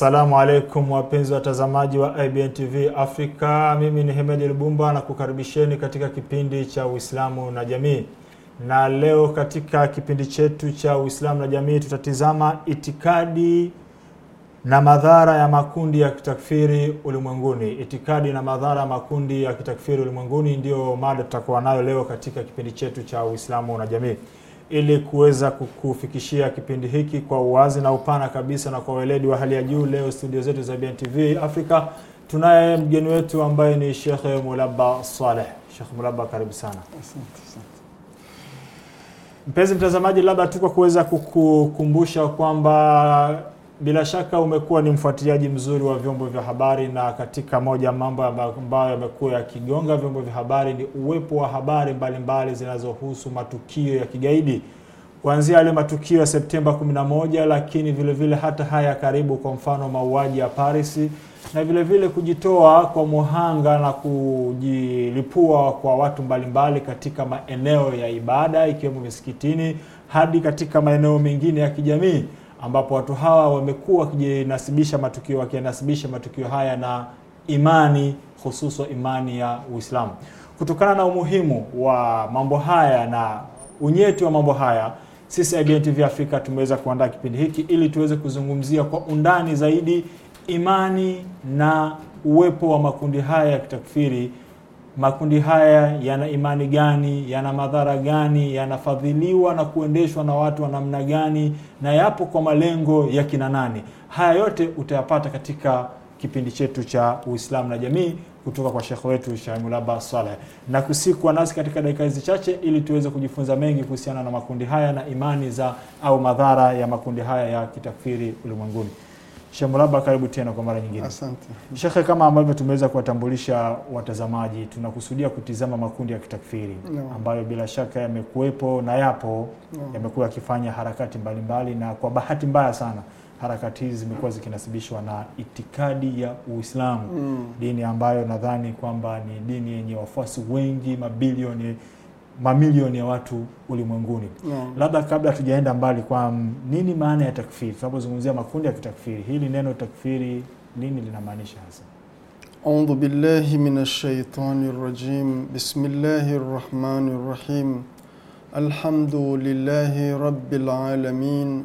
Assalamu alaikum wapenzi watazamaji wa IBN TV Afrika, mimi ni Hemedi Lubumba na kukaribisheni katika kipindi cha Uislamu na Jamii. Na leo katika kipindi chetu cha Uislamu na Jamii tutatizama itikadi na madhara ya makundi ya kitakfiri ulimwenguni. Itikadi na madhara ya makundi ya kitakfiri ulimwenguni, ndiyo mada tutakuwa nayo leo katika kipindi chetu cha Uislamu na Jamii ili kuweza kukufikishia kipindi hiki kwa uwazi na upana kabisa na kwa weledi wa hali ya juu. Leo studio zetu za BNTV Afrika tunaye mgeni wetu ambaye ni Sheikh Mulaba Saleh. Sheikh Mulaba, karibu sana. Mpenzi mtazamaji, labda tu kwa kuweza kukukumbusha kwamba bila shaka umekuwa ni mfuatiliaji mzuri wa vyombo vya habari, na katika moja mambo ambayo yamekuwa yakigonga vyombo vya habari ni uwepo wa habari mbalimbali zinazohusu matukio ya kigaidi, kuanzia yale matukio ya Septemba 11, lakini vile vile hata haya karibu, kwa mfano mauaji ya Paris na vile vile kujitoa kwa muhanga na kujilipua kwa watu mbalimbali katika maeneo ya ibada ikiwemo misikitini hadi katika maeneo mengine ya kijamii ambapo watu hawa wamekuwa wakijinasibisha matukio wakiyanasibisha matukio haya na imani hususa imani ya Uislamu. Kutokana na umuhimu wa mambo haya na unyeti wa mambo haya, sisi IBN TV Afrika tumeweza kuandaa kipindi hiki ili tuweze kuzungumzia kwa undani zaidi imani na uwepo wa makundi haya ya kitakfiri makundi haya yana imani gani, yana madhara gani, yanafadhiliwa na kuendeshwa na watu wa namna gani, na yapo kwa malengo ya kina nani? Haya yote utayapata katika kipindi chetu cha Uislamu na Jamii kutoka kwa shekhe wetu Shaimul Saleh, na kusikuwa nasi katika dakika hizi chache ili tuweze kujifunza mengi kuhusiana na makundi haya na imani za au madhara ya makundi haya ya kitakfiri ulimwenguni. Sheikh Mulaba, karibu tena kwa mara nyingine. Asante. Sheikh, kama ambavyo tumeweza kuwatambulisha watazamaji, tunakusudia kutizama makundi ya kitakfiri no. ambayo bila shaka yamekuwepo na yapo no. yamekuwa yakifanya harakati mbalimbali mbali, na kwa bahati mbaya sana harakati hizi zimekuwa zikinasibishwa na itikadi ya Uislamu mm. dini ambayo nadhani kwamba ni dini yenye wafuasi wengi mabilioni mamilioni ya watu ulimwenguni yeah. Labda kabla tujaenda mbali, kwa nini maana ya takfiri, tunapozungumzia makundi ya kitakfiri, hili neno takfiri nini linamaanisha hasa? Audhu billahi minashaitani shaitani rajim. Bismillahir rahmanir rahim. lillahi rabbil alamin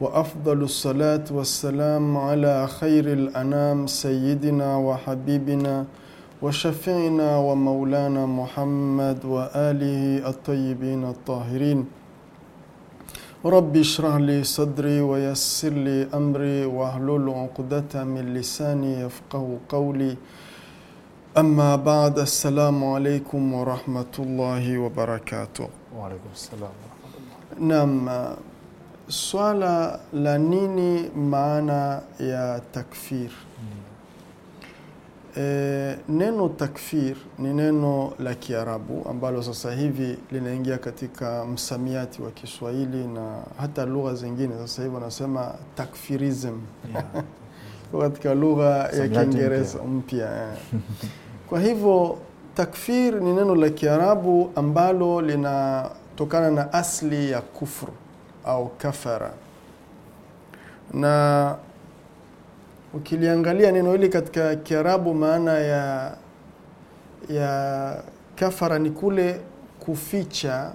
wa afdalu salatu wassalam ala khairil anam sayyidina wa habibina وشفيعنا ومولانا محمد وآله الطيبين الطاهرين رب اشرح لي صدري ويسر لي أمري واحلل عقدة من لساني يفقه قولي أما بعد السلام عليكم ورحمة الله وبركاته وعليكم السلام ورحمة الله نعم سؤال لنيني nini يا تكفير مم. E, neno takfir ni neno la Kiarabu ambalo sasa hivi linaingia katika msamiati wa Kiswahili na hata lugha zingine. Sasa hivi wanasema takfirism yeah. katika lugha ya Kiingereza mpya eh. kwa hivyo takfir ni neno la Kiarabu ambalo linatokana na asli ya kufru au kafara na Ukiliangalia neno hili katika Kiarabu, maana ya ya kafara ni kule kuficha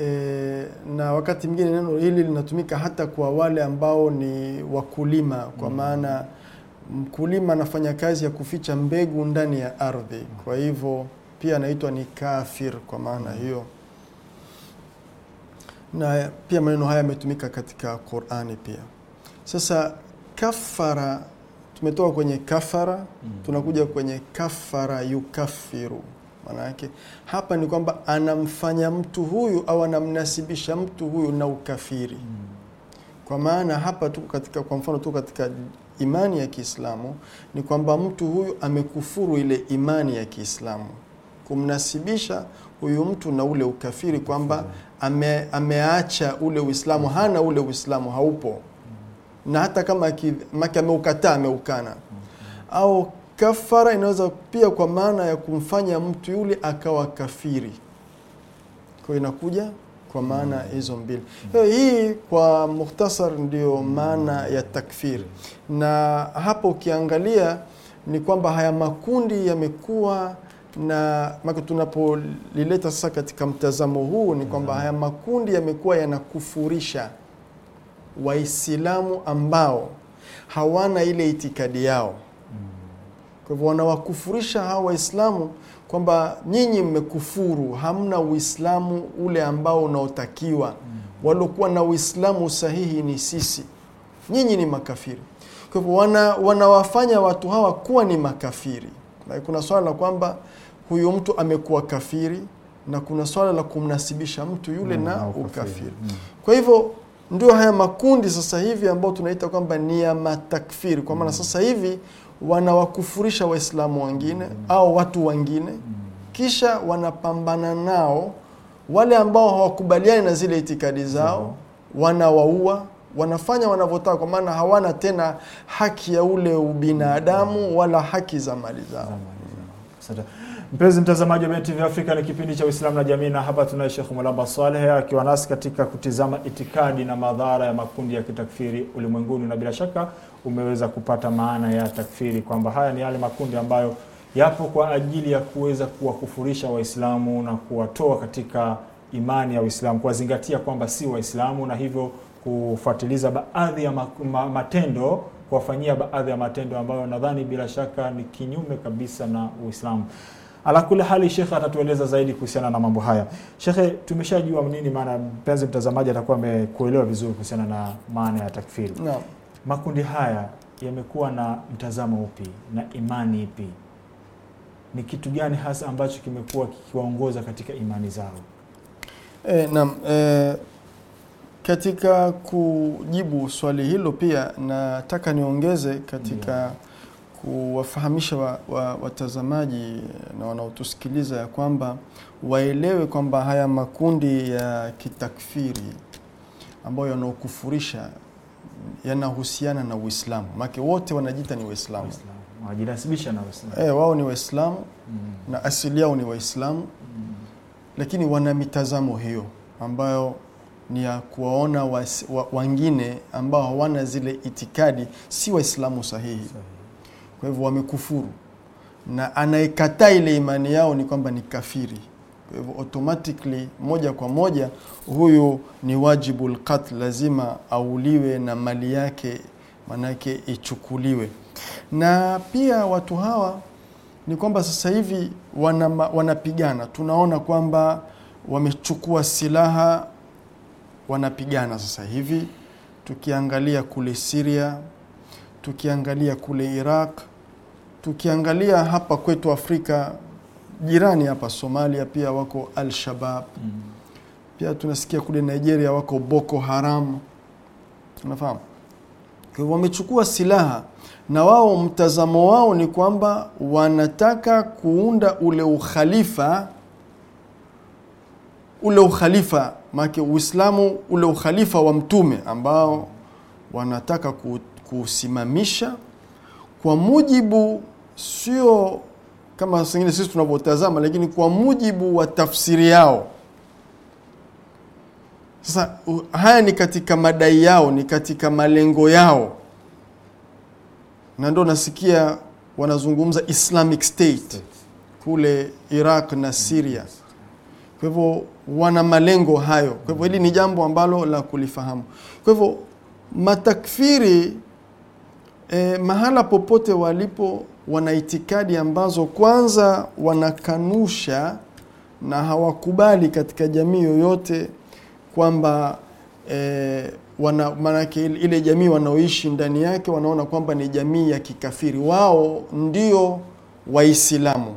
e, na wakati mwingine neno hili linatumika hata kwa wale ambao ni wakulima kwa mm. maana mkulima anafanya kazi ya kuficha mbegu ndani ya ardhi, kwa hivyo pia anaitwa ni kafir kwa maana mm. hiyo, na pia maneno haya yametumika katika Qur'ani pia. Sasa kafara, tumetoka kwenye kafara mm. tunakuja kwenye kafara yukafiru. Maana yake hapa ni kwamba anamfanya mtu huyu au anamnasibisha mtu huyu na ukafiri mm. kwa maana hapa tuko katika, kwa mfano tuko katika imani ya Kiislamu ni kwamba mtu huyu amekufuru ile imani ya Kiislamu, kumnasibisha huyu mtu na ule ukafiri kwamba mm. ame, ameacha ule Uislamu, mm. hana ule Uislamu, haupo na hata kama make ameukataa ameukana, au kafara inaweza pia kwa maana ya kumfanya mtu yule akawa kafiri. Kwa inakuja kwa maana mm. hizo mbili. Mm. Hii kwa mukhtasar ndio mm. maana ya takfir, na hapo ukiangalia ni kwamba haya makundi yamekuwa na maki, tunapolileta sasa katika mtazamo huu ni kwamba haya makundi yamekuwa yanakufurisha Waislamu ambao hawana ile itikadi yao. Kwa hivyo wanawakufurisha hawa Waislamu kwamba nyinyi mmekufuru, hamna Uislamu ule ambao unaotakiwa. Waliokuwa na Uislamu sahihi ni sisi, nyinyi ni makafiri. Kwa hivyo wana, wanawafanya watu hawa kuwa ni makafiri. Na kuna swala la kwamba huyu mtu amekuwa kafiri na kuna swala la kumnasibisha mtu yule mm, na ukafiri, ukafiri. Mm. Kwa hivyo ndio haya makundi sasa hivi ambao tunaita kwamba ni ya matakfiri, kwa maana sasa hivi wanawakufurisha Waislamu wengine au watu wengine, kisha wanapambana nao. Wale ambao hawakubaliani na zile itikadi zao wanawaua, wanafanya wanavyotaka, kwa maana hawana tena haki ya ule ubinadamu wala haki za mali zao. Mpenzi mtazamaji wa BNTV Afrika, ni kipindi cha Uislamu na jamii, na hapa tunaye Sheikh Mulamba Saleh akiwa nasi katika kutizama itikadi na madhara ya makundi ya kitakfiri ulimwenguni, na bila shaka umeweza kupata maana ya takfiri kwamba haya ni yale makundi ambayo yapo kwa ajili ya kuweza kuwakufurisha Waislamu na kuwatoa katika imani ya Uislamu, kuwazingatia kwamba si Waislamu na hivyo kufuatiliza baadhi ya matendo kuwafanyia baadhi ya matendo ambayo nadhani bila shaka ni kinyume kabisa na Uislamu. Ala kula hali shekhe atatueleza zaidi kuhusiana na mambo haya. Shekhe, tumeshajua nini maana, mpenzi mtazamaji atakuwa amekuelewa vizuri kuhusiana na maana ya takfiri. No. Makundi haya yamekuwa na mtazamo upi na imani ipi? Ni kitu gani hasa ambacho kimekuwa kikiwaongoza katika imani zao? E, naam, e, katika kujibu swali hilo pia nataka niongeze katika yeah kuwafahamisha watazamaji wa, wa na wanaotusikiliza ya kwamba waelewe kwamba haya makundi ya kitakfiri ambayo yanaokufurisha yanahusiana na Uislamu, maake wote wanajiita ni Waislamu, wajinasibisha na Uislamu. Eh, wao ni Waislamu mm. na asili yao ni Waislamu mm. lakini wana mitazamo hiyo ambayo ni ya kuwaona wengine wa, ambao hawana zile itikadi si Waislamu sahihi Sahi. Kwa hivyo wamekufuru, na anayekataa ile imani yao ni kwamba ni kafiri. Kwa hivyo automatically, moja kwa moja, huyu ni wajibu lqatl, lazima auliwe na mali yake manake ichukuliwe. Na pia watu hawa ni kwamba sasa hivi wanapigana wanapigana. Tunaona kwamba wamechukua silaha wanapigana sasa hivi, tukiangalia kule Syria, tukiangalia kule Iraq Tukiangalia hapa kwetu Afrika jirani hapa Somalia pia wako Al-Shabab mm. pia tunasikia kule Nigeria wako Boko Haram, unafahamu. Kwa hivyo wamechukua silaha na wao, mtazamo wao ni kwamba wanataka kuunda ule ukhalifa ule ukhalifa maake Uislamu ule ukhalifa wa mtume ambao wanataka kuusimamisha kwa mujibu sio kama sengine sisi tunavyotazama, lakini kwa mujibu wa tafsiri yao. Sasa haya ni katika madai yao, ni katika malengo yao, na ndo nasikia wanazungumza Islamic State kule Iraq na Syria. Kwa hivyo wana malengo hayo. Kwa hivyo hili ni jambo ambalo la kulifahamu. Kwa hivyo matakfiri eh, mahala popote walipo wana itikadi ambazo kwanza wanakanusha na hawakubali katika jamii yoyote kwamba e, wana maanake ile jamii wanaoishi ndani yake wanaona kwamba ni jamii ya kikafiri. Wao ndio Waislamu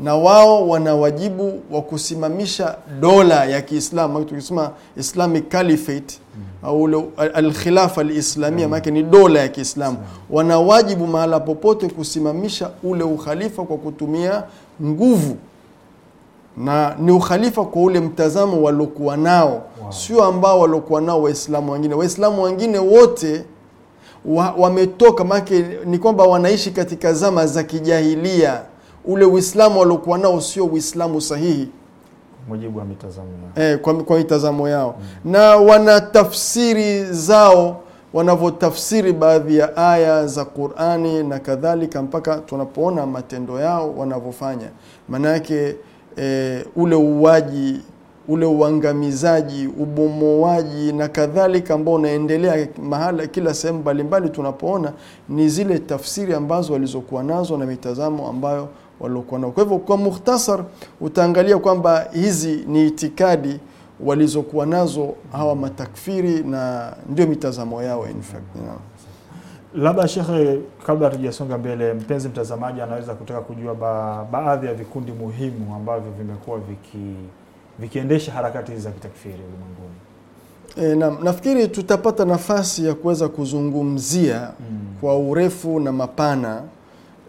na wao wana wajibu wa kusimamisha dola ya Kiislamu, tukisema Islamic Caliphate mm. au al-khilafa al-islamia, maana ni dola ya Kiislamu. Wana wajibu mahala popote kusimamisha ule ukhalifa kwa kutumia nguvu, na ni ukhalifa kwa ule mtazamo waliokuwa nao wow. Sio ambao waliokuwa nao Waislamu wengine. Waislamu wengine wote wametoka wa maana ni kwamba wanaishi katika zama za kijahilia ule Uislamu waliokuwa nao sio Uislamu sahihi mujibu wa mitazamo yao. Eh, kwa, kwa mitazamo yao mm. na wana tafsiri zao wanavyotafsiri baadhi ya aya za Qur'ani na kadhalika, mpaka tunapoona matendo yao wanavyofanya. Maanake e, ule uwaji ule uangamizaji, ubomoaji na kadhalika ambao unaendelea mahala kila sehemu mbalimbali, tunapoona ni zile tafsiri ambazo walizokuwa nazo na mitazamo ambayo waliokuwa nao. Kwa hivyo kwa mukhtasar, utaangalia kwamba hizi ni itikadi walizokuwa nazo hawa matakfiri na ndio mitazamo yao in fact. know. Labda shekhe, kabla hatujasonga mbele, mpenzi mtazamaji anaweza kutaka kujua ba, baadhi ya vikundi muhimu ambavyo vimekuwa viki, vikiendesha harakati hizi za kitakfiri ulimwenguni. E, na, nafikiri tutapata nafasi ya kuweza kuzungumzia mm, kwa urefu na mapana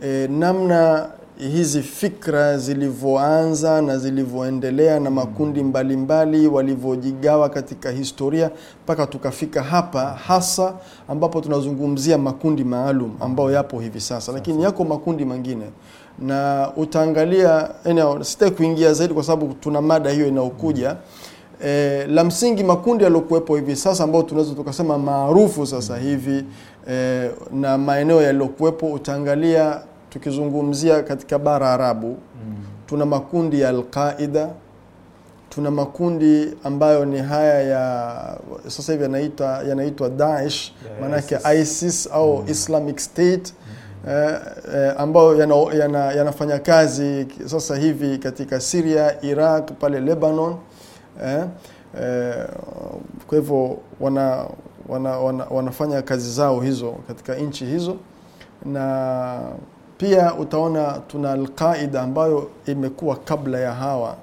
e, namna hizi fikra zilivyoanza na zilivyoendelea na makundi mbalimbali walivyojigawa katika historia mpaka tukafika hapa, hasa ambapo tunazungumzia makundi maalum ambayo yapo hivi sasa, lakini yako makundi mengine na utaangalia eneo, kuingia zaidi kwa sababu tuna mada hiyo inayokuja. Mm-hmm. E, eh, la msingi makundi yaliokuwepo hivi sasa ambayo tunaweza tukasema maarufu sasa hivi e, na maeneo yaliokuwepo utaangalia tukizungumzia katika bara Arabu mm. tuna makundi ya Alqaida, tuna makundi ambayo ni haya ya sasa hivi yanaitwa yanaitwa Daesh yeah, maanake ISIS, ISIS au mm. Islamic State mm. eh, eh, ambayo yanafanya yana, yana kazi sasa hivi katika Syria, Iraq, pale Lebanon eh, eh, kwa hivyo wana, wana, wana, wanafanya kazi zao hizo katika nchi hizo na pia utaona tuna Alqaida ambayo imekuwa kabla ya hawa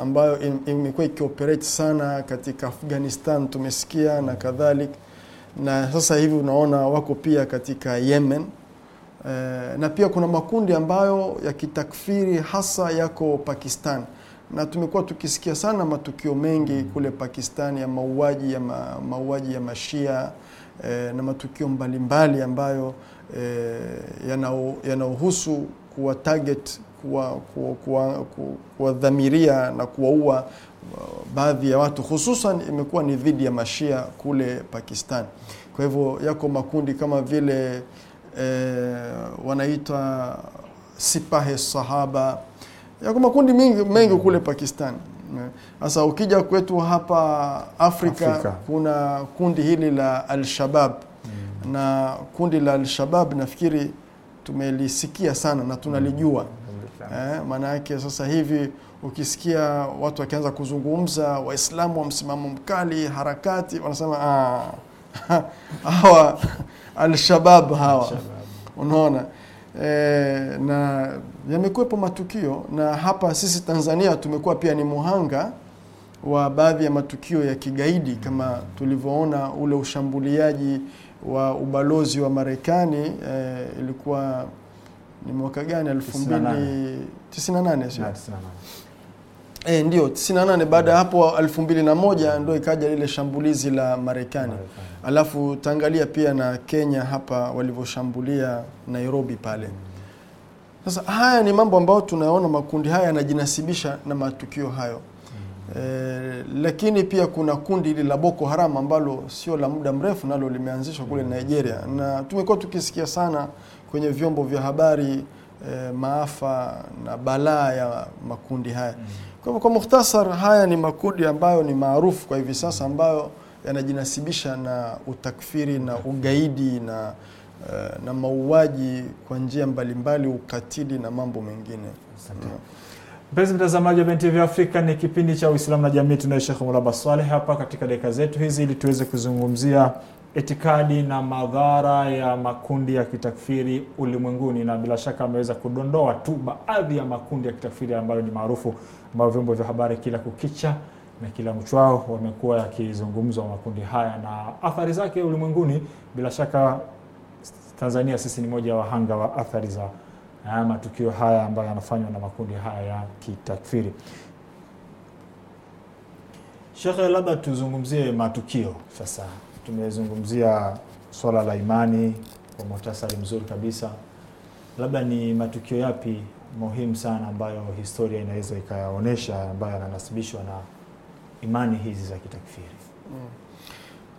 ambayo imekuwa ikioperate sana katika Afghanistan tumesikia na kadhalik na sasa hivi unaona wako pia katika Yemen e, na pia kuna makundi ambayo ya kitakfiri hasa yako Pakistan, na tumekuwa tukisikia sana matukio mengi mm. kule Pakistan ya mauaji ya ma, ya mashia e, na matukio mbalimbali mbali ambayo yanaohusu eh, yana kuwa target kuwadhamiria kuwa, kuwa, kuwa na kuwaua uh, baadhi ya watu hususan imekuwa ni dhidi ya mashia kule Pakistan. Kwa hivyo yako makundi kama vile e, wanaitwa Sipahe Sahaba, yako makundi mengi, mengi kule Pakistan. Sasa ukija kwetu hapa Afrika, Afrika kuna kundi hili la Al-Shabab na kundi la Alshabab nafikiri tumelisikia sana na tunalijua mm, eh, maana yake sasa hivi ukisikia watu wakianza kuzungumza Waislamu wa msimamo mkali, harakati, wanasema ah, hawa Alshabab hawa, unaona e, na yamekuwepo matukio na hapa sisi Tanzania tumekuwa pia ni muhanga wa baadhi ya matukio ya kigaidi kama tulivyoona ule ushambuliaji wa ubalozi wa Marekani eh, ilikuwa ni mwaka gani? 2098 Eh, ndio 98. Baada ya hapo 2001 ndio ikaja lile shambulizi la Marekani, alafu taangalia pia na Kenya hapa walivyoshambulia Nairobi pale. Sasa haya ni mambo ambayo tunayaona makundi haya yanajinasibisha na matukio hayo. Eh, lakini pia kuna kundi hili la Boko Haram ambalo sio la muda mrefu nalo limeanzishwa kule mm. Nigeria, na tumekuwa tukisikia sana kwenye vyombo vya habari e, maafa na balaa ya makundi haya. Mm. Kwa hivyo, kwa mukhtasar, haya ni makundi ambayo ni maarufu kwa hivi sasa ambayo yanajinasibisha na utakfiri na ugaidi na, eh, na mauaji kwa njia mbalimbali, ukatili na mambo mengine. Mm. Mpenzi mtazamaji wa BNTV Afrika, ni kipindi cha Uislamu na jamii. Tunaye Sheikh Mulaba Saleh hapa katika dakika zetu hizi, ili tuweze kuzungumzia itikadi na madhara ya makundi ya kitakfiri ulimwenguni, na bila shaka ameweza kudondoa tu baadhi ya makundi ya kitakfiri ambayo ni maarufu, ambayo vyombo vya habari kila kukicha na kila mchwao wamekuwa yakizungumzwa makundi haya na athari zake ulimwenguni. Bila shaka Tanzania sisi ni moja ya wahanga wa athari za matukio haya ambayo yanafanywa na makundi haya ya kitakfiri. Shekhe, labda tuzungumzie matukio sasa. Tumezungumzia swala la imani kwa muhtasari mzuri kabisa, labda ni matukio yapi muhimu sana ambayo historia inaweza ikayaonyesha ambayo yananasibishwa na imani hizi za kitakfiri? Hmm.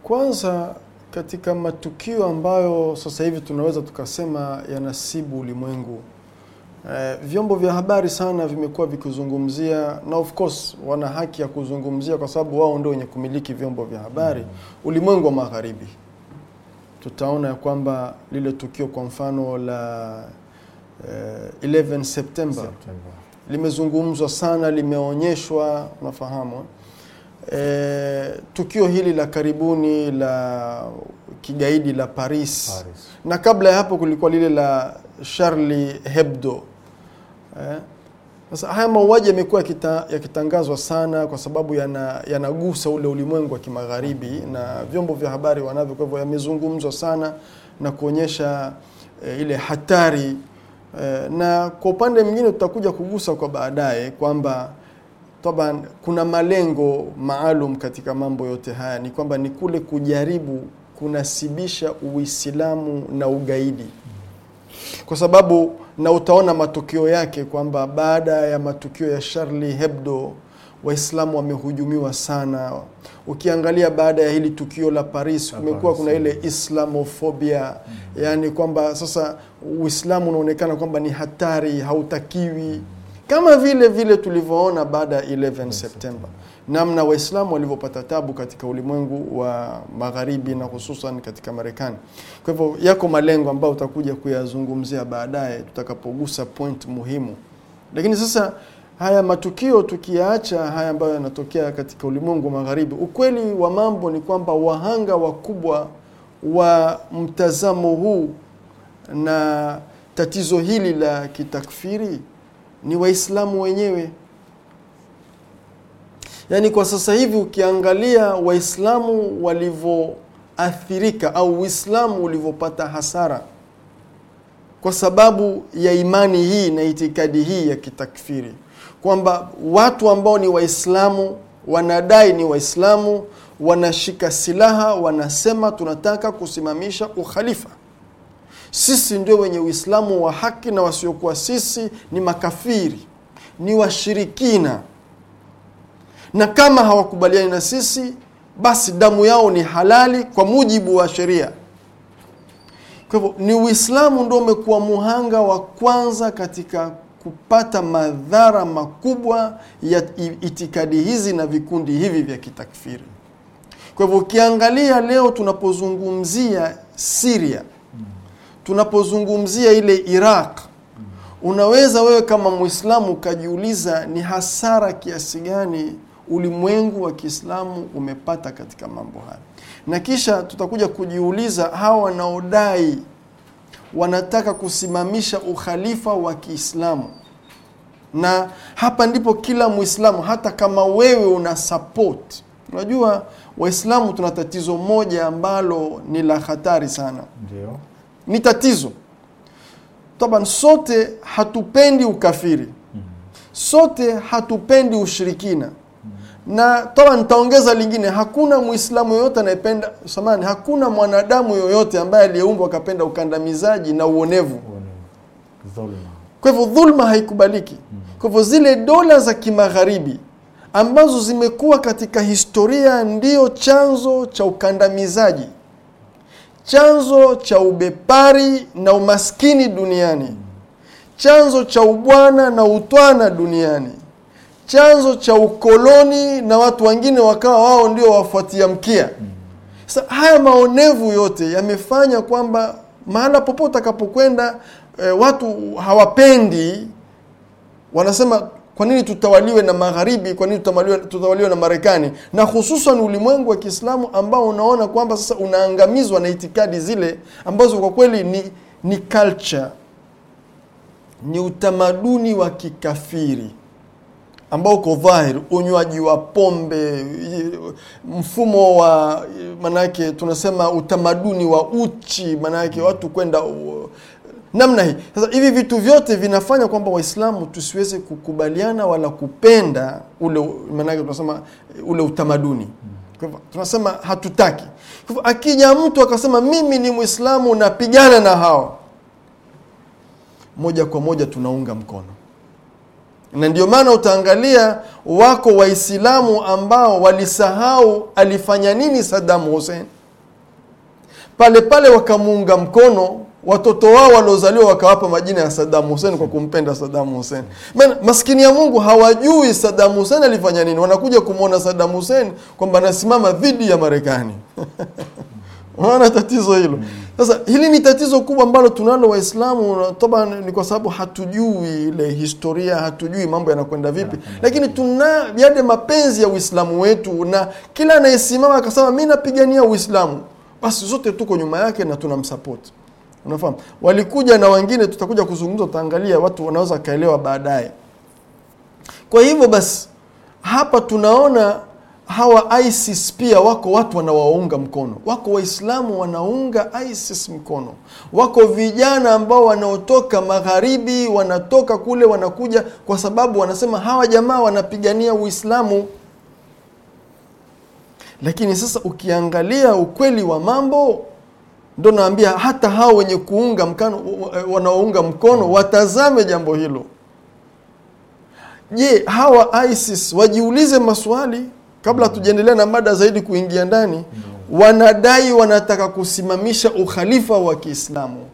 Kwanza, katika matukio ambayo sasa hivi tunaweza tukasema yanasibu ulimwengu Eh, vyombo vya habari sana vimekuwa vikizungumzia na of course wana haki ya kuzungumzia kwa sababu wao ndio wenye kumiliki vyombo vya habari mm. Ulimwengu wa magharibi tutaona ya kwamba lile tukio kwa mfano la eh, 11 Septemba limezungumzwa sana, limeonyeshwa, unafahamu eh, tukio hili la karibuni la kigaidi la Paris, Paris. Na kabla ya hapo kulikuwa lile la Charlie Hebdo Eh? Sasa haya mauaji yamekuwa yakitangazwa sana kwa sababu yanagusa ule ulimwengu wa kimagharibi na vyombo vya habari wanavyo, kwa hivyo yamezungumzwa sana na kuonyesha e, ile hatari e, na kwa upande mwingine tutakuja kugusa kwa baadaye kwamba taban kuna malengo maalum katika mambo yote haya, ni kwamba ni kule kujaribu kunasibisha Uislamu na ugaidi kwa sababu na utaona matokeo yake kwamba baada ya matukio ya Charlie Hebdo Waislamu wamehujumiwa sana. Ukiangalia baada ya hili tukio la Paris, kumekuwa kuna ile islamofobia mm -hmm. Yani kwamba sasa Uislamu unaonekana kwamba ni hatari, hautakiwi mm -hmm. Kama vile vile tulivyoona baada ya 11 September namna Waislamu walivyopata tabu katika ulimwengu wa magharibi na hususan katika Marekani. Kwa hivyo yako malengo ambayo utakuja kuyazungumzia baadaye tutakapogusa point muhimu. Lakini sasa haya matukio tukiyaacha haya ambayo yanatokea katika ulimwengu wa magharibi, ukweli wa mambo ni kwamba wahanga wakubwa wa mtazamo huu na tatizo hili la kitakfiri ni Waislamu wenyewe. Yaani kwa sasa hivi ukiangalia Waislamu walivyoathirika au Uislamu ulivyopata hasara kwa sababu ya imani hii na itikadi hii ya kitakfiri, kwamba watu ambao ni Waislamu wanadai ni Waislamu, wanashika silaha, wanasema tunataka kusimamisha ukhalifa, sisi ndio wenye Uislamu wa haki na wasiokuwa sisi ni makafiri, ni washirikina na kama hawakubaliani na sisi, basi damu yao ni halali kwa mujibu wa sheria. Kwa hivyo ni Uislamu ndio umekuwa muhanga wa kwanza katika kupata madhara makubwa ya itikadi hizi na vikundi hivi vya kitakfiri. Kwa hivyo ukiangalia leo tunapozungumzia siria tunapozungumzia ile Iraq, unaweza wewe kama Muislamu ukajiuliza ni hasara kiasi gani ulimwengu wa Kiislamu umepata katika mambo haya. Na kisha tutakuja kujiuliza hawa wanaodai wanataka kusimamisha ukhalifa wa Kiislamu, na hapa ndipo kila Muislamu, hata kama wewe una support. Unajua Waislamu tuna tatizo moja ambalo ni la hatari sana. Ndio. Ni tatizo taban, sote hatupendi ukafiri, mm-hmm. sote hatupendi ushirikina na toba nitaongeza lingine, hakuna muislamu yoyote anayependa samani, hakuna mwanadamu yoyote ambaye aliyeumbwa akapenda ukandamizaji na uonevu. Kwa hivyo dhulma haikubaliki. Mm-hmm. Kwa hivyo zile dola za kimagharibi ambazo zimekuwa katika historia ndio chanzo cha ukandamizaji, chanzo cha ubepari na umaskini duniani, mm-hmm. chanzo cha ubwana na utwana duniani chanzo cha ukoloni na watu wengine wakawa wao ndio wafuatia mkia. Sasa haya maonevu yote yamefanya kwamba mahala popote utakapokwenda, e, watu hawapendi, wanasema kwa nini tutawaliwe na magharibi? Kwa nini tutawaliwe, tutawaliwe na Marekani? Na hususan ulimwengu wa Kiislamu ambao unaona kwamba sasa unaangamizwa na itikadi zile ambazo kwa kweli ni, ni culture, ni utamaduni wa kikafiri ambao uko dhahiri, unywaji wa pombe, mfumo wa manake, tunasema utamaduni wa uchi, manake mm. watu kwenda namna hii. Sasa hivi vitu vyote vinafanya kwamba Waislamu tusiweze kukubaliana wala kupenda ule, manake tunasema ule utamaduni mm. kwa hivyo tunasema hatutaki. Kwa hivyo akija mtu akasema mimi ni Mwislamu napigana na hao, moja kwa moja tunaunga mkono na ndio maana utaangalia wako Waislamu ambao walisahau alifanya nini Saddam Hussein, pale pale wakamuunga mkono watoto wao waliozaliwa wakawapa majina ya Saddam Hussein kwa kumpenda Saddam Hussein. maskini ya Mungu hawajui Saddam Hussein alifanya nini, wanakuja kumwona Saddam Hussein kwamba anasimama dhidi ya Marekani Unaona tatizo hilo sasa. Hili ni tatizo kubwa ambalo tunalo Waislamu, toba ni kwa sababu hatujui ile historia, hatujui mambo yanakwenda vipi, lakini tuna yale mapenzi ya Uislamu wetu, na kila anayesimama akasema mimi napigania Uislamu, basi zote tuko nyuma yake na tunamsapoti. Unafahamu, walikuja na wengine, tutakuja kuzungumza, tutaangalia watu wanaweza wakaelewa baadaye. Kwa hivyo basi hapa tunaona hawa ISIS pia wako watu wanawaunga mkono, wako Waislamu wanaunga ISIS mkono, wako vijana ambao wanaotoka magharibi, wanatoka kule wanakuja, kwa sababu wanasema hawa jamaa wanapigania Uislamu. Lakini sasa ukiangalia ukweli wa mambo, ndo naambia hata hao wenye kuunga mkono, wanaounga mkono watazame jambo hilo. Je, hawa ISIS wajiulize maswali kabla tujaendelea na mada zaidi kuingia ndani no. wanadai wanataka kusimamisha ukhalifa wa Kiislamu,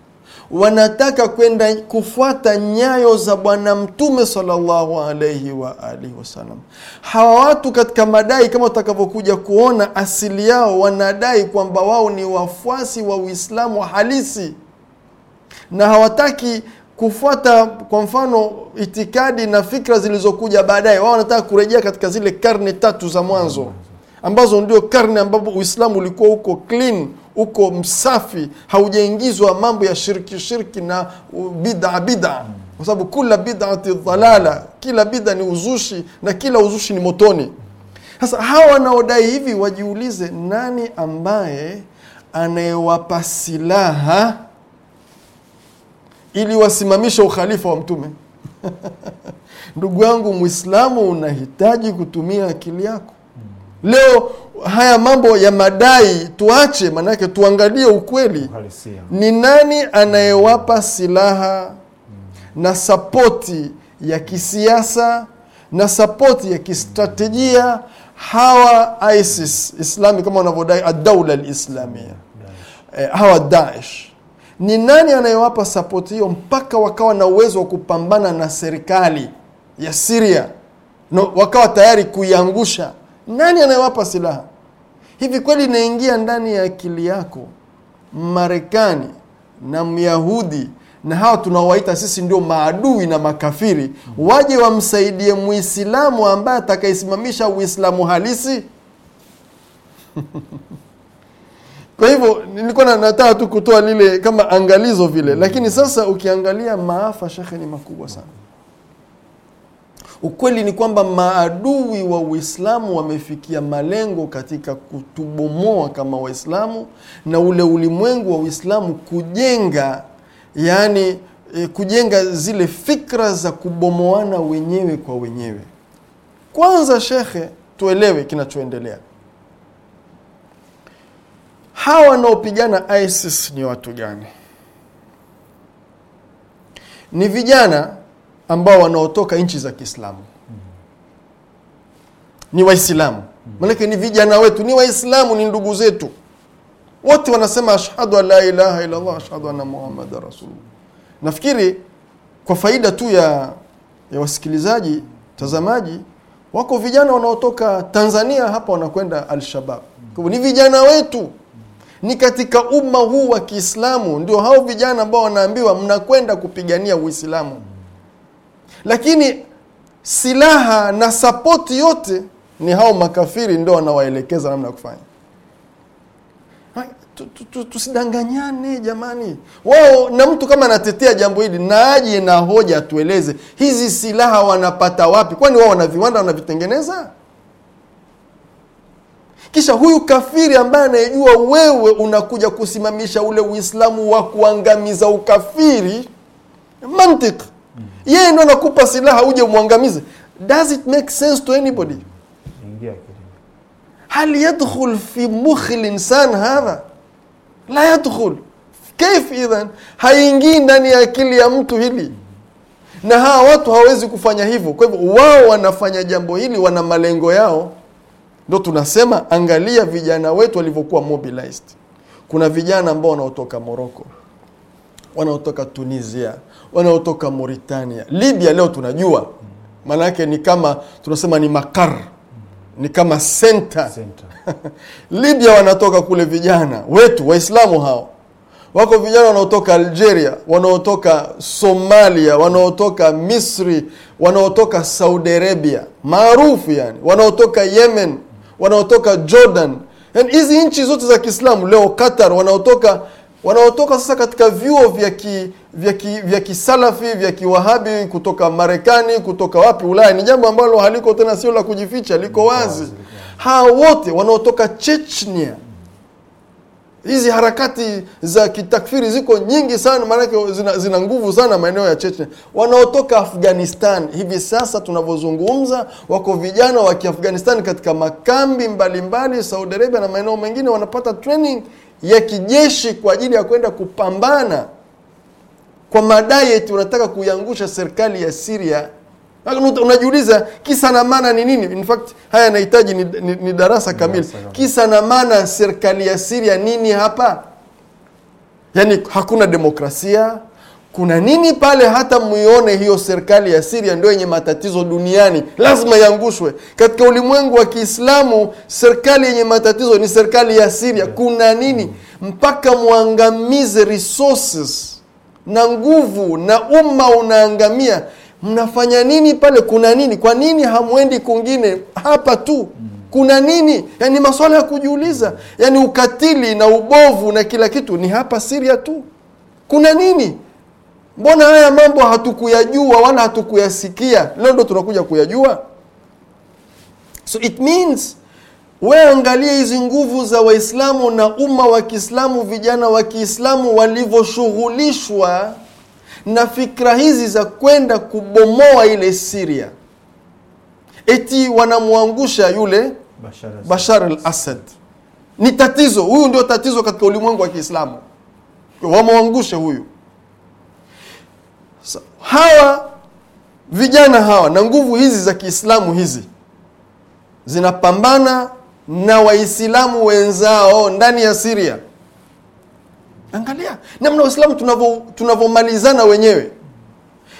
wanataka kwenda kufuata nyayo za Bwana Mtume sallallahu alaihi wa alihi wasallam. Hawa watu katika madai, kama utakavyokuja kuona, asili yao wanadai kwamba wao ni wafuasi wa Uislamu halisi na hawataki kufuata kwa mfano itikadi na fikra zilizokuja baadaye. Wao wanataka kurejea katika zile karne tatu za mwanzo ambazo ndio karne ambapo Uislamu ulikuwa uko clean, uko msafi, haujaingizwa mambo ya shirki shirki na bid'a bid'a, kwa sababu kula bid'ati dhalala, kila bid'a ni uzushi na kila uzushi ni motoni. Sasa hawa wanaodai hivi wajiulize, nani ambaye anayewapa silaha iliwasimamisha ukhalifa wa Mtume. Ndugu yangu Mwislamu, unahitaji kutumia akili yako. Leo haya mambo ya madai tuache, maanake tuangalie ukweli. Ni nani anayewapa silaha na sapoti ya kisiasa na sapoti ya kistratejia hawa ISIS Islami kama wanavyodai adaula alislamia, eh, hawa Daesh ni nani anayewapa sapoti hiyo mpaka wakawa na uwezo wa kupambana na serikali ya Syria no, wakawa tayari kuiangusha? Nani anayewapa silaha? Hivi kweli inaingia ndani ya akili yako Marekani na Myahudi na hawa tunawaita sisi ndio maadui na makafiri waje wamsaidie Muislamu ambaye atakayesimamisha Uislamu halisi? Kwa hivyo nilikuwa nataka tu kutoa lile kama angalizo vile, lakini sasa ukiangalia maafa shekhe ni makubwa sana. Ukweli ni kwamba maadui wa Uislamu wamefikia malengo katika kutubomoa kama Waislamu na ule ulimwengu wa Uislamu kujenga, yani eh, kujenga zile fikra za kubomoana wenyewe kwa wenyewe. Kwanza shekhe, tuelewe kinachoendelea hawa wanaopigana ISIS ni watu gani? Ni vijana ambao wanaotoka nchi za Kiislamu, ni Waislamu, maanake ni vijana wetu, ni Waislamu, ni ndugu zetu wote, wanasema ashhadu an la ilaha illa Allah, ashhadu anna muhammada rasulullah. Nafikiri kwa faida tu ya, ya wasikilizaji tazamaji, wako vijana wanaotoka Tanzania hapa wanakwenda Alshabab, kwa hivyo ni vijana wetu ni katika umma huu wa Kiislamu ndio hao vijana ambao wanaambiwa mnakwenda kupigania Uislamu, lakini silaha na sapoti yote ni hao makafiri, ndio wanawaelekeza namna ya kufanya. Tusidanganyane jamani, wao na mtu kama anatetea jambo hili na aje na hoja, atueleze hizi silaha wanapata wapi? Kwani wao wana viwanda wanavitengeneza? kisha huyu kafiri ambaye anayejua wewe unakuja kusimamisha ule uislamu wa kuangamiza ukafiri mantiki yeye ndo anakupa silaha uje umwangamize does it make sense to anybody hal yadkhul fi mukhi linsan hadha la yadkhul kaif idhan haingii ndani ya akili ya mtu hili na hawa watu hawawezi kufanya hivyo kwa hivyo wao wanafanya jambo hili wana malengo yao ndo tunasema angalia vijana wetu walivyokuwa mobilized. Kuna vijana ambao wanaotoka Morocco, wanaotoka Tunisia, wanaotoka Mauritania, Libya leo tunajua, manake ni kama tunasema ni makar, ni kama center, center. Libya wanatoka kule vijana wetu Waislamu hao wako vijana wanaotoka Algeria, wanaotoka Somalia, wanaotoka Misri, wanaotoka Saudi Arabia maarufu, yani wanaotoka Yemen wanaotoka Jordan, yaani hizi nchi zote za Kiislamu leo, Qatar, wanaotoka wanaotoka sasa katika vyuo vya ki, vya ki, vya kisalafi vya kiwahabi kutoka Marekani, kutoka wapi Ulaya, ni jambo ambalo haliko tena, sio la kujificha, liko wazi. Hawa wote wanaotoka Chechnia hizi harakati za kitakfiri ziko nyingi sana, maanake zina, zina nguvu sana maeneo ya Chechnya. Wanaotoka Afghanistan hivi sasa tunavyozungumza, wako vijana wa Kiafghanistan katika makambi mbalimbali mbali, Saudi Arabia na maeneo mengine, wanapata training ya kijeshi kwa ajili ya kwenda kupambana kwa madai eti wanataka kuiangusha serikali ya siria unajiuliza kisa na maana ni nini? In fact haya yanahitaji ni, ni, ni darasa kamili. Kisa na maana serikali ya siria nini hapa? Yaani hakuna demokrasia, kuna nini pale? Hata muione hiyo serikali ya siria ndio yenye matatizo duniani, lazima iangushwe. Katika ulimwengu wa Kiislamu, serikali yenye matatizo ni serikali ya siria Kuna nini mpaka mwangamize resources na nguvu na umma unaangamia? mnafanya nini pale? Kuna nini? Kwa nini hamwendi kwingine? Hapa tu kuna nini? Yani maswala ya kujiuliza, yani ukatili na ubovu na kila kitu ni hapa siria tu. Kuna nini? Mbona haya mambo hatukuyajua wala hatukuyasikia? Leo ndo tunakuja kuyajua. So it means we angalie hizi nguvu za Waislamu na umma wa Kiislamu, vijana wa Kiislamu walivyoshughulishwa na fikra hizi za kwenda kubomoa ile Syria, eti wanamwangusha yule Bashar al-Assad. Ni tatizo, huyu ndio tatizo katika ulimwengu wa Kiislamu, wamwangushe huyu. So, hawa vijana hawa na nguvu hizi za Kiislamu hizi zinapambana na Waislamu wenzao ndani ya Syria Angalia namna Uislamu tunavyomalizana wenyewe.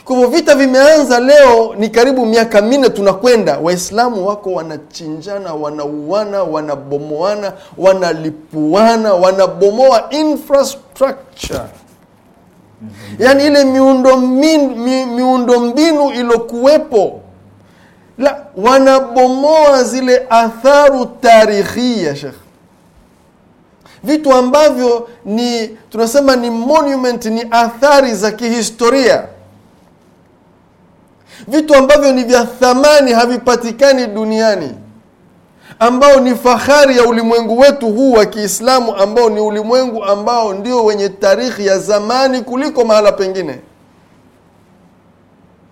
Kwa hivyo vita vimeanza leo, ni karibu miaka minne tunakwenda, Waislamu wako wanachinjana, wanauana, wanabomoana, wanalipuana, wanabomoa infrastructure mm-hmm. yaani ile miundo mi, mbinu iliyokuwepo la wanabomoa zile atharu tarikhia shekh vitu ambavyo ni tunasema ni monument, ni athari za kihistoria, vitu ambavyo ni vya thamani, havipatikani duniani, ambao ni fahari ya ulimwengu wetu huu wa Kiislamu, ambao ni ulimwengu ambao ndio wenye tarikhi ya zamani kuliko mahala pengine.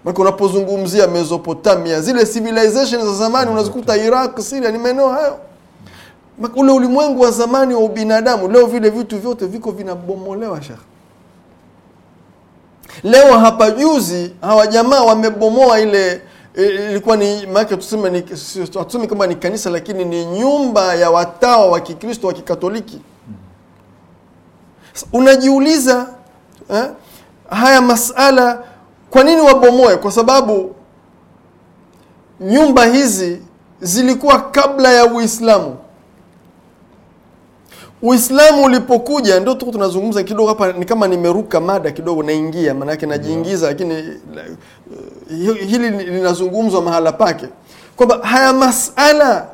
Maana unapozungumzia Mesopotamia, zile civilization za zamani unazikuta Iraq, siria ni maeneo hayo ule ulimwengu wa zamani wa ubinadamu, leo vile vitu vyote viko vinabomolewa shekh. Leo hapa juzi hawa jamaa wamebomoa ile ilikuwa ni maana tuseme, hatusemi kama ni kanisa, lakini ni nyumba ya watawa wa Kikristo wa Kikatoliki. Unajiuliza eh, haya masala kwa nini wabomoe? Kwa sababu nyumba hizi zilikuwa kabla ya Uislamu. Uislamu ulipokuja ndio tu tunazungumza kidogo hapa, ni kama nimeruka mada kidogo, naingia maana yake najiingiza, lakini eh, hili linazungumzwa mahala pake kwamba haya masala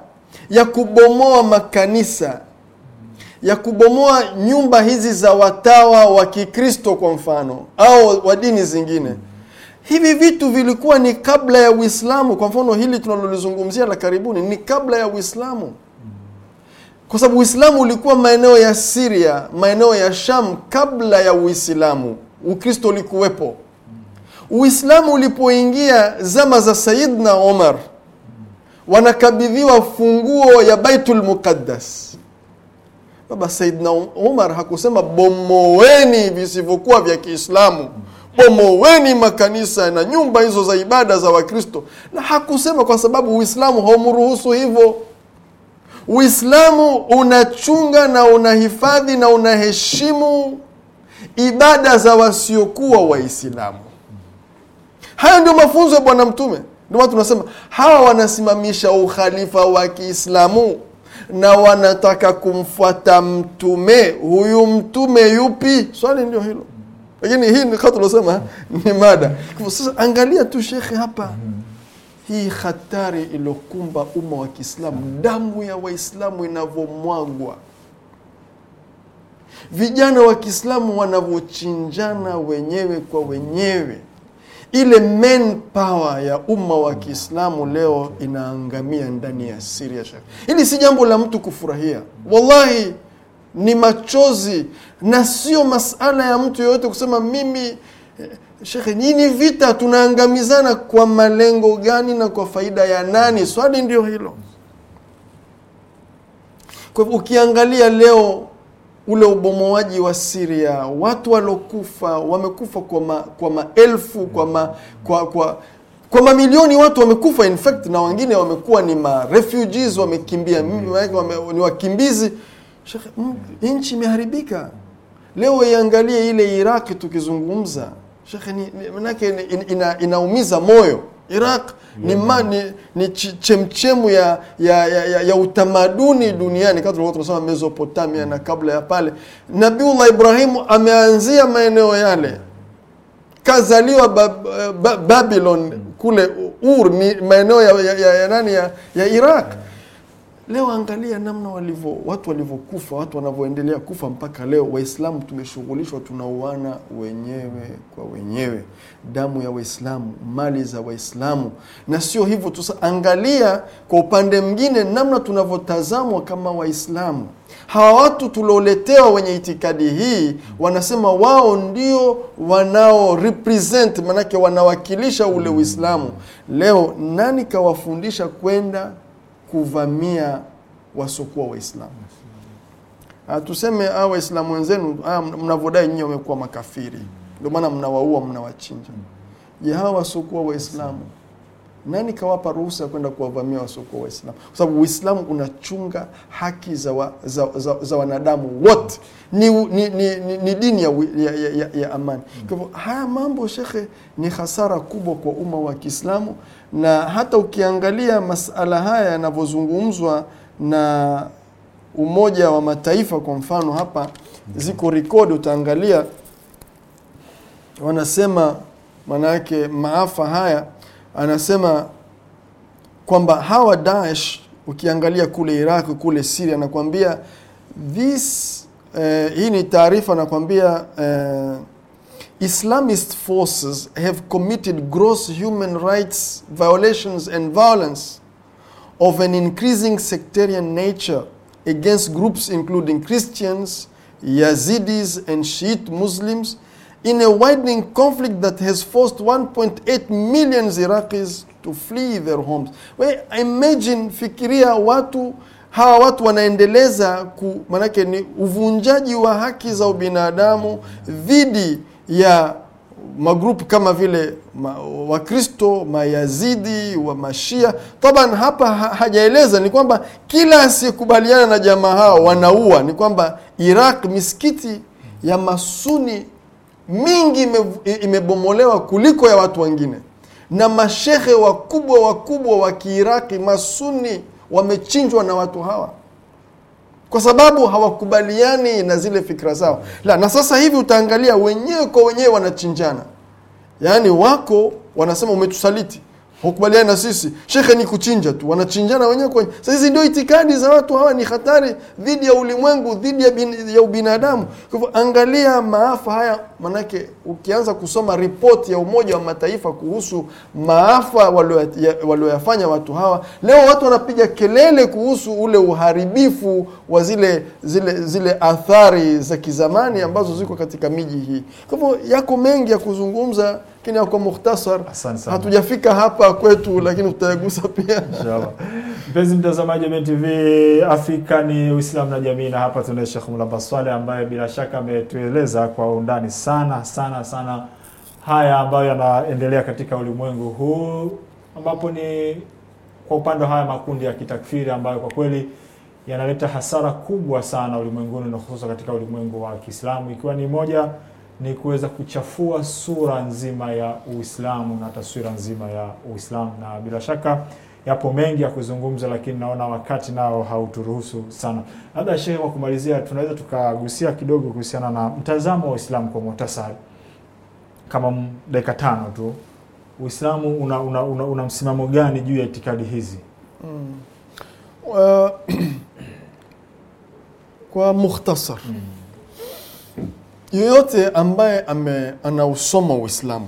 ya kubomoa makanisa ya kubomoa nyumba hizi za watawa wa Kikristo kwa mfano au wa dini zingine, hivi vitu vilikuwa ni kabla ya Uislamu. Kwa mfano hili tunalolizungumzia la karibuni ni kabla ya Uislamu kwa sababu Uislamu ulikuwa maeneo ya Siria, maeneo ya Sham kabla ya Uislamu. Ukristo ulikuwepo. Uislamu ulipoingia zama za Sayidna Omar, wanakabidhiwa funguo ya Baitul Muqaddas. Baba Sayidna Omar hakusema bomoweni visivyokuwa vya Kiislamu, bomoweni makanisa na nyumba hizo za ibada za Wakristo, na hakusema kwa sababu Uislamu haumruhusu hivyo. Uislamu unachunga na unahifadhi na unaheshimu ibada za wasiokuwa Waislamu. Haya ndio mafunzo ya Bwana Mtume. Ndio maana tunasema hawa wanasimamisha ukhalifa wa Kiislamu na wanataka kumfuata mtume. Huyu mtume yupi? Swali ndio hilo, lakini hii ni katu eh, ni mada. Sasa angalia tu shekhe hapa hii hatari iliyokumba umma wa Kiislamu, damu ya Waislamu inavyomwagwa, vijana wa Kiislamu wanavyochinjana wenyewe kwa wenyewe, ile main power ya umma wa Kiislamu leo inaangamia ndani ya Syria. hili si jambo la mtu kufurahia, wallahi ni machozi na sio masala ya mtu yeyote kusema mimi Shekhe, nini vita? Tunaangamizana kwa malengo gani na kwa faida ya nani? Swali ndio hilo. Kwa ukiangalia leo ule ubomoaji wa Syria, watu walokufa wamekufa kwa, ma, kwa maelfu kwa, ma, kwa, kwa, kwa mamilioni watu wamekufa, in fact na wengine wamekuwa ni ma refugees wamekimbia, mm. wame, ni wakimbizi. Shekhe, nchi imeharibika leo. Iangalie ile Iraq tukizungumza shekhe, manake ina, inaumiza moyo. Iraq ni, ma, ni, ni chemchemu ya, ya, ya, ya utamaduni duniani kama tulikuwa tunasema Mesopotamia na kabla ya pale. Nabiullah Ibrahimu ameanzia maeneo yale, kazaliwa ba, ba, Babylon kule Ur ni maeneo ya, ya, ya, ya, nani ya, ya Iraq. Leo angalia namna walivyo watu walivyokufa, watu wanavyoendelea kufa mpaka leo. Waislamu tumeshughulishwa, tunauana wenyewe kwa wenyewe, damu ya Waislamu, mali za Waislamu. Na sio hivyo tu, angalia kwa upande mwingine namna tunavyotazamwa kama Waislamu. Hawa watu tulioletewa wenye itikadi hii wanasema wao ndio wanao represent, maanake wanawakilisha ule Uislamu. Leo nani kawafundisha kwenda kuvamia wasiokuwa Waislamu. Ah, tuseme a Waislamu wenzenu ah, mnavyodai nyinyi wamekuwa makafiri, ndio maana mnawaua, mnawachinja. Je, hawa wasiokuwa Waislamu nani kawapa ruhusa ya kwenda kuwavamia wasiokuwa Waislamu? Kwa sababu Uislamu unachunga haki za, wa, za, za, za wanadamu wote, ni, ni, ni, ni, ni dini ya, ya, ya, ya amani. Kwa hivyo haya mambo shekhe, ni hasara kubwa kwa umma wa Kiislamu, na hata ukiangalia masala haya yanavyozungumzwa na Umoja wa Mataifa kwa mfano, hapa ziko rekodi, utaangalia wanasema, maana yake maafa haya anasema kwamba hawa Daesh ukiangalia kule Iraq kule Syria, nakwambia this eh, hii ni taarifa nakwambia eh, Islamist forces have committed gross human rights violations and violence of an increasing sectarian nature against groups including Christians, Yazidis and shiit Muslims in a widening conflict that has forced 1.8 million Iraqis to flee their homes. We imagine, fikiria watu hawa watu wanaendeleza ku, manake ni uvunjaji wa haki za ubinadamu dhidi ya magrupu kama vile ma, Wakristo, Mayazidi, wa Mashia. Taban hapa ha, hajaeleza ni kwamba kila asiyekubaliana na jamaa hao wanaua. Ni kwamba Iraq misikiti ya Masuni mingi imebomolewa kuliko ya watu wengine, na mashehe wakubwa wakubwa wa Kiiraki masuni wamechinjwa na watu hawa kwa sababu hawakubaliani na zile fikra zao. La, na sasa hivi utaangalia wenyewe kwa wenyewe wanachinjana, yaani wako wanasema umetusaliti hukubaliani na sisi, shekhe ni kuchinja tu, wanachinjana wenyewe kwenye. Sasa hizi ndio itikadi za watu hawa, ni hatari dhidi ya ulimwengu, dhidi ya, bin, ya ubinadamu. Kwa hivyo angalia maafa haya, manake ukianza kusoma ripoti ya Umoja wa Mataifa kuhusu maafa walioyafanya watu hawa, leo watu wanapiga kelele kuhusu ule uharibifu wa zile zile zile athari za kizamani ambazo ziko katika miji hii. Kwa hivyo yako mengi ya kuzungumza lakini kwa mukhtasar, hatujafika hapa kwetu, lakini tutayagusa pia inshallah. Mpenzi mtazamaji wa TV, Afrika ni Uislamu na jamii, na hapa tunaye Sheikh Mulabas Swale ambaye bila shaka ametueleza kwa undani sana sana sana haya ambayo yanaendelea katika ulimwengu huu ambapo ni kwa upande wa haya makundi ya kitakfiri ambayo kwa kweli yanaleta hasara kubwa sana ulimwenguni na hususan katika ulimwengu wa Kiislamu ikiwa ni moja ni kuweza kuchafua sura nzima ya Uislamu na taswira nzima ya Uislamu, na bila shaka yapo mengi ya kuzungumza, lakini naona wakati nao hauturuhusu sana. Labda Shehe, kwa kumalizia, tunaweza tukagusia kidogo kuhusiana na mtazamo wa Uislamu kwa muhtasari, kama dakika tano tu. Uislamu una, una, una, una msimamo gani juu ya itikadi hizi? mm. Uh, kwa mukhtasar mm yeyote ambaye ame, anausoma Uislamu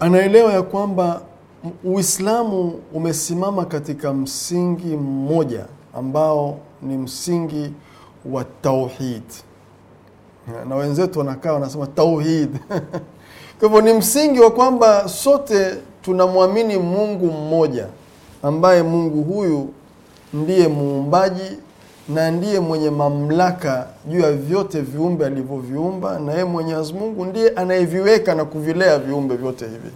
anaelewa ya kwamba Uislamu umesimama katika msingi mmoja ambao ni msingi wa tauhid, na wenzetu wanakaa wanasema tauhid kwa hivyo ni msingi wa kwamba sote tunamwamini Mungu mmoja ambaye Mungu huyu ndiye muumbaji na ndiye mwenye mamlaka juu ya vyote viumbe alivyoviumba, na yeye Mwenyezi Mungu ndiye anayeviweka na kuvilea viumbe vyote hivi.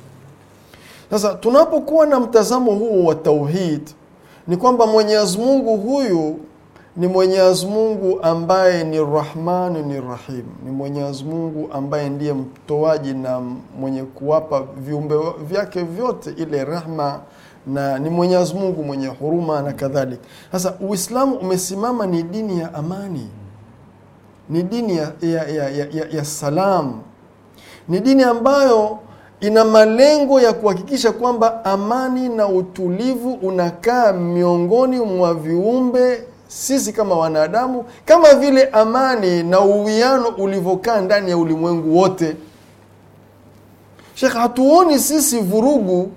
Sasa tunapokuwa na mtazamo huo wa tauhid, ni kwamba Mwenyezi Mungu huyu ni Mwenyezi Mungu ambaye ni rahman ni Rahim, ni Mwenyezi Mungu ambaye ndiye mtoaji na mwenye kuwapa viumbe vyake vyote ile rahma na ni Mwenyezi Mungu mwenye huruma na kadhalika. Sasa Uislamu umesimama, ni dini ya amani, ni dini ya, ya, ya, ya, ya salamu, ni dini ambayo ina malengo ya kuhakikisha kwamba amani na utulivu unakaa miongoni mwa viumbe sisi kama wanadamu, kama vile amani na uwiano ulivyokaa ndani ya ulimwengu wote. Sheikh, hatuoni sisi vurugu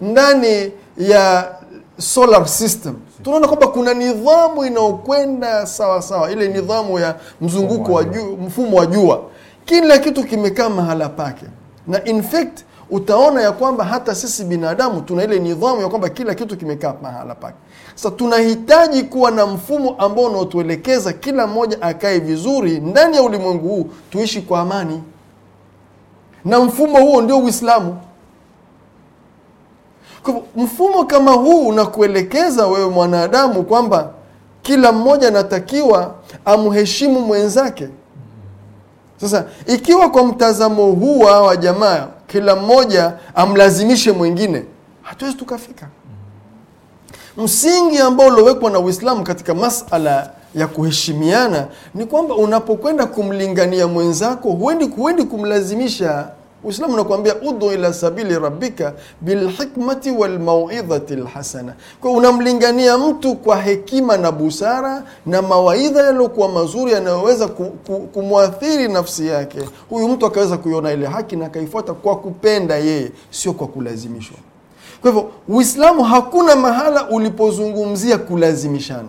ndani ya solar system tunaona kwamba kuna nidhamu inayokwenda sawa sawa, ile nidhamu ya mzunguko wa mfumo wa jua, kila kitu kimekaa mahala pake, na in fact utaona ya kwamba hata sisi binadamu tuna ile nidhamu ya kwamba kila kitu kimekaa mahala pake. Sasa tunahitaji kuwa na mfumo ambao unaotuelekeza kila mmoja akae vizuri ndani ya ulimwengu huu, tuishi kwa amani, na mfumo huo ndio Uislamu. Kwa hivyo mfumo kama huu unakuelekeza wewe mwanadamu kwamba kila mmoja anatakiwa amheshimu mwenzake. Sasa ikiwa kwa mtazamo huu wa jamaa kila mmoja amlazimishe mwingine, hatuwezi tukafika msingi ambao uliowekwa na Uislamu katika masala ya kuheshimiana ni kwamba unapokwenda kumlingania mwenzako, huendi huendi kumlazimisha Uislamu unakuambia udhu ila sabili rabbika bilhikmati walmauidhati lhasana, kwa unamlingania mtu kwa hekima na busara na mawaidha yaliyokuwa mazuri yanayoweza kumwathiri nafsi yake, huyu mtu akaweza kuiona ile haki na akaifuata kwa kupenda yeye, sio kwa kulazimishwa. Kwa hivyo Uislamu hakuna mahala ulipozungumzia kulazimishana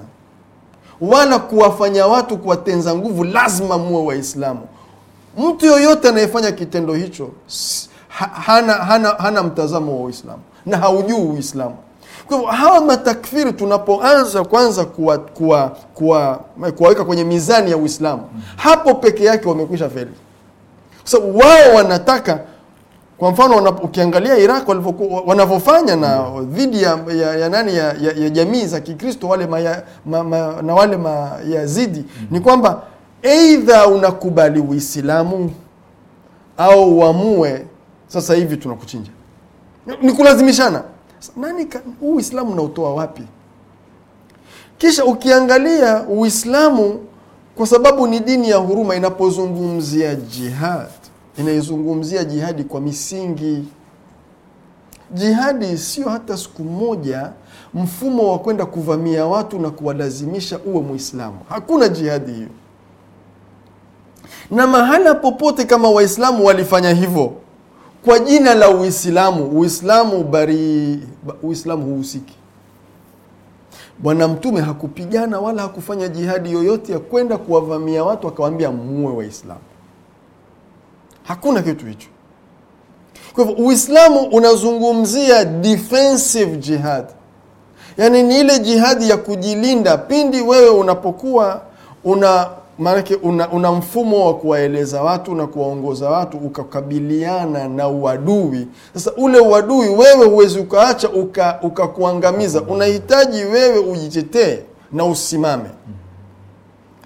wala kuwafanya watu kuwatenza nguvu, lazima muwe Waislamu. Mtu yoyote anayefanya kitendo hicho hana, hana, hana mtazamo wa Uislamu na haujui Uislamu. Kwa hivyo hawa matakfiri tunapoanza kwanza kuwaweka kuwa, kuwa, kuwa kwenye mizani ya Uislamu, hapo peke yake wamekwisha feli. So, wao wanataka kwa mfano ukiangalia Iraq wanavyofanya na dhidi ya, ya, ya, nani ya, ya, ya jamii za Kikristo wale ma, ma, ma, na wale Mayazidi mm -hmm. ni kwamba Eidha unakubali Uislamu au uamue sasa hivi tunakuchinja. Ni kulazimishana. Nani huu Uislamu unautoa wapi? Kisha ukiangalia Uislamu, kwa sababu ni dini ya huruma, inapozungumzia jihad, inaizungumzia jihadi kwa misingi. Jihadi sio hata siku moja mfumo wa kwenda kuvamia watu na kuwalazimisha uwe Muislamu. Hakuna jihadi hiyo na mahala popote kama Waislamu walifanya hivyo kwa jina la Uislamu, Uislamu bari, Uislamu huhusiki. Bwana Mtume hakupigana wala hakufanya jihadi yoyote ya kwenda kuwavamia watu akawaambia muwe Waislamu. Hakuna kitu hicho. Kwa hivyo Uislamu unazungumzia defensive jihad, yaani ni ile jihadi ya kujilinda pindi wewe unapokuwa una maanake una, una mfumo wa kuwaeleza watu na kuwaongoza watu ukakabiliana na uadui. Sasa ule uadui wewe huwezi ukaacha ukakuangamiza, uka unahitaji wewe ujitetee na usimame.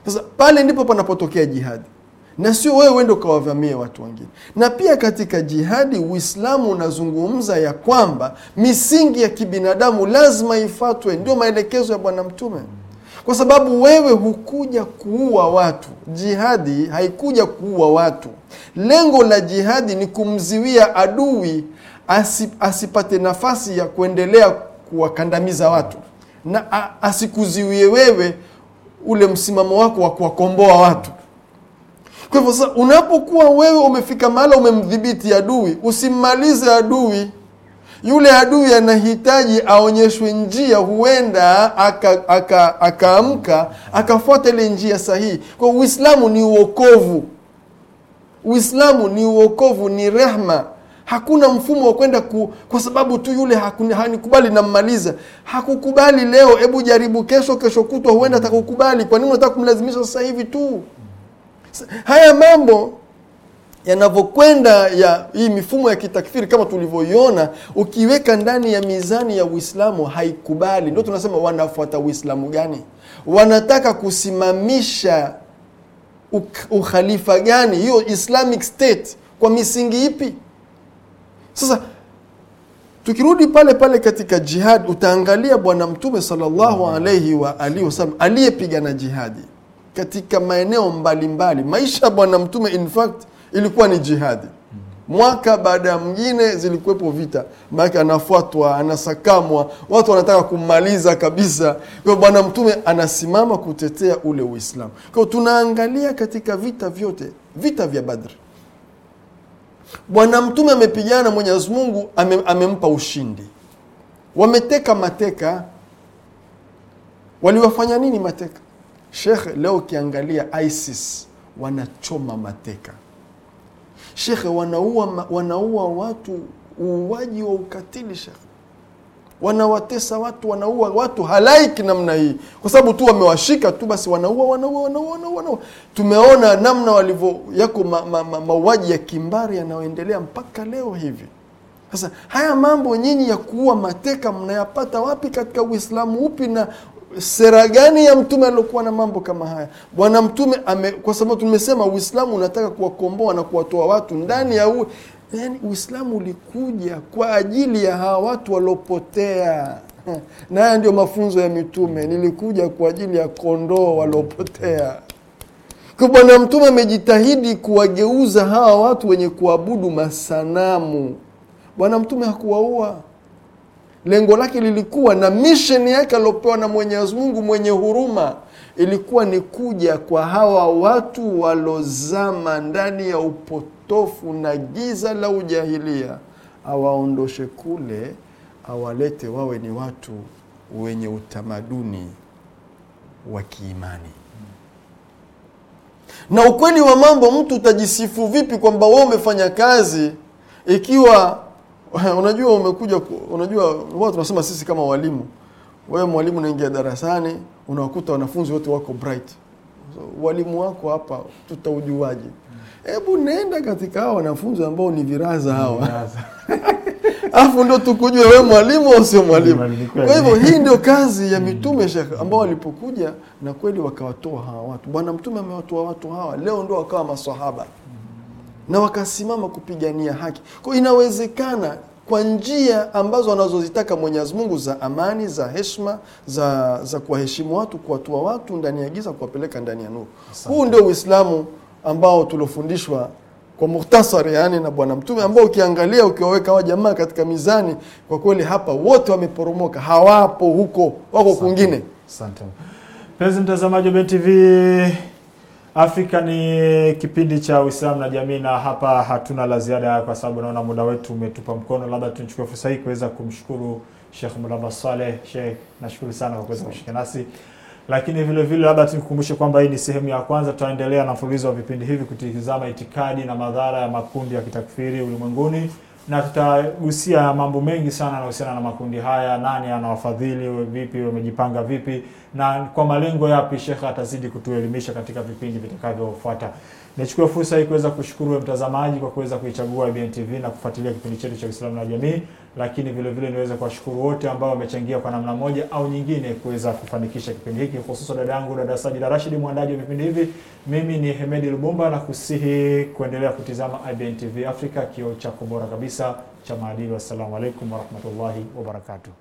Sasa pale ndipo panapotokea jihadi na sio wewe uende ukawavamia watu wengine. Na pia katika jihadi, Uislamu unazungumza ya kwamba misingi ya kibinadamu lazima ifatwe, ndio maelekezo ya Bwana Mtume kwa sababu wewe hukuja kuua watu. Jihadi haikuja kuua watu. Lengo la jihadi ni kumziwia adui asipate nafasi ya kuendelea kuwakandamiza watu, na asikuziwie wewe ule msimamo wako wa kuwakomboa watu. Kwa hivyo sasa, unapokuwa wewe umefika mahala umemdhibiti adui, usimmalize adui yule adui anahitaji aonyeshwe njia, huenda akaamka aka, aka akafuata ile njia sahihi. Kwa Uislamu ni uokovu, Uislamu ni uokovu, ni rehma. Hakuna mfumo wa kwenda ku, kwa sababu tu yule hanikubali nammaliza. Hakukubali leo, hebu jaribu kesho, kesho kutwa, huenda atakukubali. Kwa nini unataka kumlazimisha sasa hivi tu? Haya mambo yanavyokwenda ya hii mifumo ya kitakfiri kama tulivyoiona, ukiweka ndani ya mizani ya Uislamu haikubali. Ndio tunasema wanafuata Uislamu gani? Wanataka kusimamisha ukhalifa gani? Hiyo Islamic State kwa misingi ipi? Sasa tukirudi pale pale katika jihad, utaangalia Bwana Mtume sallallahu alaihi wa alihi wasallam aliyepigana jihadi katika maeneo mbalimbali mbali. Maisha ya Bwana Mtume in fact ilikuwa ni jihadi mwaka baada ya mwingine zilikuwepo vita, maanake anafuatwa, anasakamwa, watu wanataka kummaliza kabisa. Kwa Bwana Mtume anasimama kutetea ule Uislamu. kwao tunaangalia katika vita vyote, vita vya Badri, Bwana Mtume amepigana, Mwenyezi Mungu ame, amempa ushindi. Wameteka mateka, waliwafanya nini mateka? Shekhe, leo ukiangalia ISIS wanachoma mateka Shekhe, wanaua, wanaua watu uuaji wa ukatili shekhe, wanawatesa watu, wanaua watu halaiki namna hii, kwa sababu tu wamewashika tu basi wanaua, wanaua, wanaua, wanaua, wanaua. Tumeona namna walivyo, yako mauaji ma, ma, ma, ya kimbari yanayoendelea mpaka leo hivi. Sasa haya mambo nyinyi ya kuua mateka mnayapata wapi katika Uislamu upi na sera gani ya mtume aliokuwa na mambo kama haya? Bwana mtume ame, kwa sababu tumesema Uislamu unataka kuwakomboa na kuwatoa watu ndani ya u, yani Uislamu ulikuja kwa ajili ya hawa watu waliopotea na haya ndio mafunzo ya mitume, nilikuja kwa ajili ya kondoo waliopotea. Bwana mtume amejitahidi kuwageuza hawa watu wenye kuabudu masanamu. Bwana mtume hakuwaua lengo lake lilikuwa na misheni yake aliopewa na Mwenyezi Mungu mwenye huruma ilikuwa ni kuja kwa hawa watu walozama ndani ya upotofu na giza la ujahilia, awaondoshe kule, awalete wawe ni watu wenye utamaduni wa kiimani. Na ukweli wa mambo, mtu utajisifu vipi kwamba wee umefanya kazi ikiwa unajua umekuja unajua wao tunasema sisi kama walimu, wewe mwalimu unaingia darasani unawakuta wanafunzi wote wako bright so, walimu wako hapa tutaujuaje? Hebu nenda katika hawa wanafunzi ambao ni viraza hawa afu ndo tukujue wewe mwalimu au sio mwalimu. Kwa hivyo hii ndio kazi ya mitume Sheikh, ambao walipokuja na kweli wakawatoa hawa watu. Bwana Mtume amewatoa watu hawa, leo ndo wakawa maswahaba na wakasimama kupigania haki. Kwa inawezekana kwa njia ambazo anazozitaka Mwenyezi Mungu za amani, za heshima, za za kuwaheshimu watu, kuwatua watu ndani ya giza, kuwapeleka ndani ya nuru. Huu ndio Uislamu ambao tuliofundishwa kwa muhtasari, yani na Bwana Mtume, ambao ukiangalia, ukiwaweka wa jamaa katika mizani, kwa kweli hapa wote wameporomoka, hawapo huko, wako kwingine. Asante mpenzi mtazamaji wa BTV. Afrika ni kipindi cha Uislamu na jamii, na hapa hatuna la ziada kwa sababu naona muda wetu umetupa mkono. Labda tunachukua fursa hii kuweza kumshukuru Sheikh Mulaba Saleh. Sheikh, nashukuru sana kwa kuweza kushika nasi, lakini vile vile labda tunikumbushe kwamba hii ni sehemu ya kwanza. Tutaendelea na mfululizo wa vipindi hivi kutizama itikadi na madhara ya makundi ya kitakfiri ulimwenguni na tutagusia mambo mengi sana yanahusiana na makundi haya, nani anawafadhili, vipi wamejipanga vipi, na kwa malengo yapi. Shekhe atazidi kutuelimisha katika vipindi vitakavyofuata. Nichukue fursa hii kuweza kushukuru mtazamaji kwa kuweza kuichagua IBN TV na kufuatilia kipindi chetu cha Uislamu na Jamii lakini vile vile niweze kuwashukuru wote ambao wamechangia kwa namna moja au nyingine kuweza kufanikisha kipindi hiki, hususan dada yangu dada Sajida Rashid, mwandaji wa vipindi hivi. Mimi ni Hemedi Lubumba na kusihi kuendelea kutizama IBN TV Africa, kioo chako bora kabisa cha maadili. Wassalamu alaikum warahmatullahi wabarakatuh.